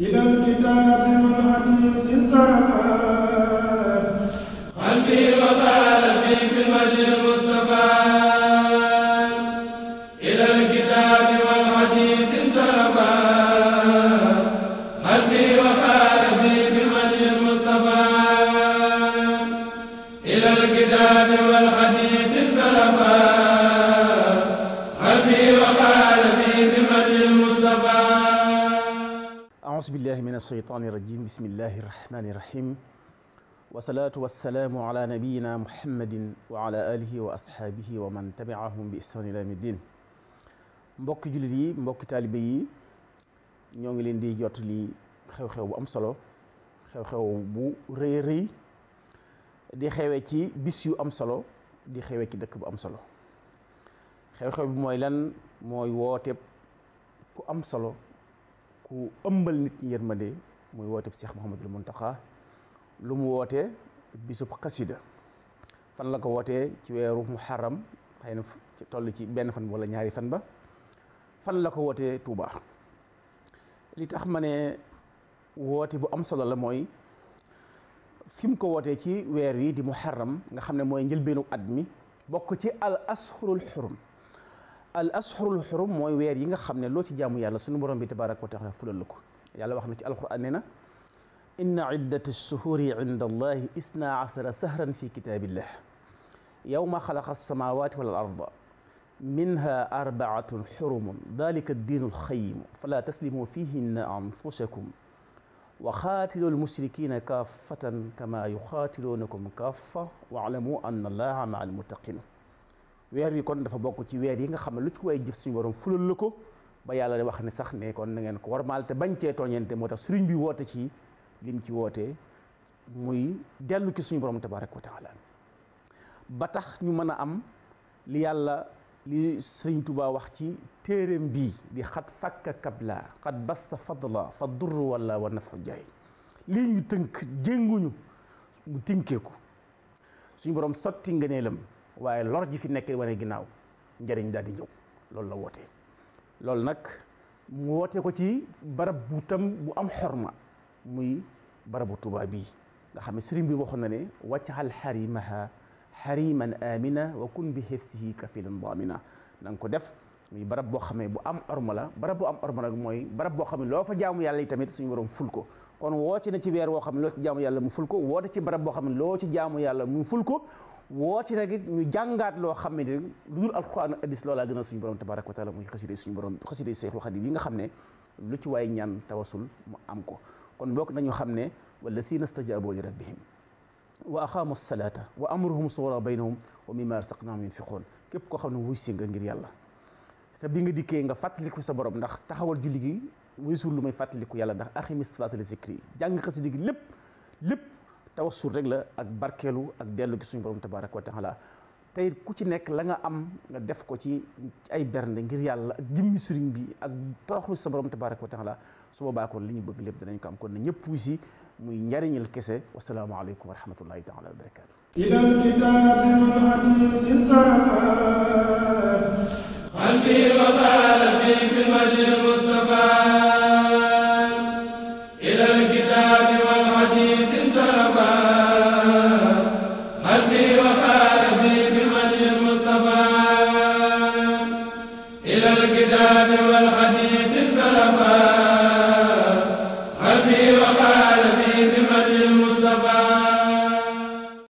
إلى الكتاب والحديث انصرفا قلبي وقال بي بالمجد billahi min alsheytaani irrajim bismillahi irrahmani irrahim wasalaatu wassalaamu ala nabiyina muhammadin wa ala wa ashaabihi wa tabiahum bi ihsaan ila mbokki jullit yi mbokki taalibe yi ñoo ngi leen di jot li xew-xew bu am solo xew-xew bu rëy rëy di xewee ci bis yu am solo di xewee ci dëkk bu am solo xew-xew bi mooy lan mooy wooteeb ku am ku ëmbal nit ñi yërmande muy woote bu Cheikh mu Mountakha lu mu wootee bisub xasida fan la ko wootee ci weeru muharram xëy na toll ci benn fan wala ñaari fan ba fan la ko wootee Touba li tax ma ne woote bu am solo la mooy fi mu ko wootee ci weer wii di muharram nga xam ne mooy njëlbeenu at mi bokk ci al ashurul xurum al ashurul xurum mooy weer yi nga xam ne loo ci jaamu yàlla sunu borom bi tabaraka wa taala fulal ko yàlla wax na ci alquran ne na inna iddata shuhuri inda allahi isna asara sahran fi kitabillah yawma xalaqa alsamawati wal arda minha arbaatun xurumun dalika addiinu alxayimu fala taslimu fihinna anfusakum wa xaatilu almushrikina kaafatan kama yuxaatiluunakum kaafa waalamu anna allaha maa almuttaqin weer wi kon dafa bokk ci weer yi nga xam ne lu ci way jëf suñu borom fulal la ko ba yàlla wax ne sax ne kon na ngeen ko warmaal te bañ cee tooñante moo tax sëriñ bi woote ci lim ci wootee muy dellu ci suñu borom tabaaraka wa taala ba ñu mën a am li yàlla li sëriñ wax ci téereem bii di xat fakka kabla xat basta fadla fa durru wala wa jaay lii tënk jénguñu mu tënkee ko suñu borom sotti ngëneelam waaye lor ji fi nekk wane ginnaaw njariñ daal di ñëw loolu la woote loolu nag mu woote ko ci barab bu tam bu am xorma muy barabu Tuubaa bi nga xam ne sëriñ bi waxoon na ne wàccaxal xarimaha xariman amina wa kun bi xefsihi kafilan damina na nga ko def muy barab boo xam ne bu am orma la barab bu am orma la mooy barab boo xam ne loo fa jaamu yàlla yi tamit suñ waroon ful ko kon woote na ci weer woo xam ne loo ci jaamu yàlla mu ful ko woo ci barab boo xam ne loo ci jaamu yàlla mu ful ko woo nag it ñu jàngaat loo xam ne de lu dul alquran ak hadis loolaa gën a suñu borom tabaraka wa taala muy xasida suñu borom xasida Seexul Xadiim yi nga xam a lu ci waay ñaan tawasul mu am ko kon bokk nañu xam ne wala si nastajaaboo li rabbihim wa aqaamu salaata wa amruhum suura baynahum wa mimma rasaqnaahum yunfiqoon képp koo xam ne wuy si nga yàlla te nga dikkee nga fàttaliku sa borom ndax taxawal julli gi wésul lu may fàttaliku yàlla ndax aximi salaata li zikri jàng xasida gi lépp lépp tawassul rek la ak barkeelu ak dellu gi suñu borom tabaraka wa la tey ku ci nekk la nga am nga def ko ci ay bernde ngir yàlla ak jëmmi sëriñ bi ak toroxlu sa borom tabaraka wa taala su boobaa kon li ñu bëgg lépp danañ ko am kon na ñëpp si muy njariñal kese wasalaamaaleykum wa rahmatullahi taala wa barakaatu ilal kitaabi wal hadiisi sarafa qalbi wa qalbi amiin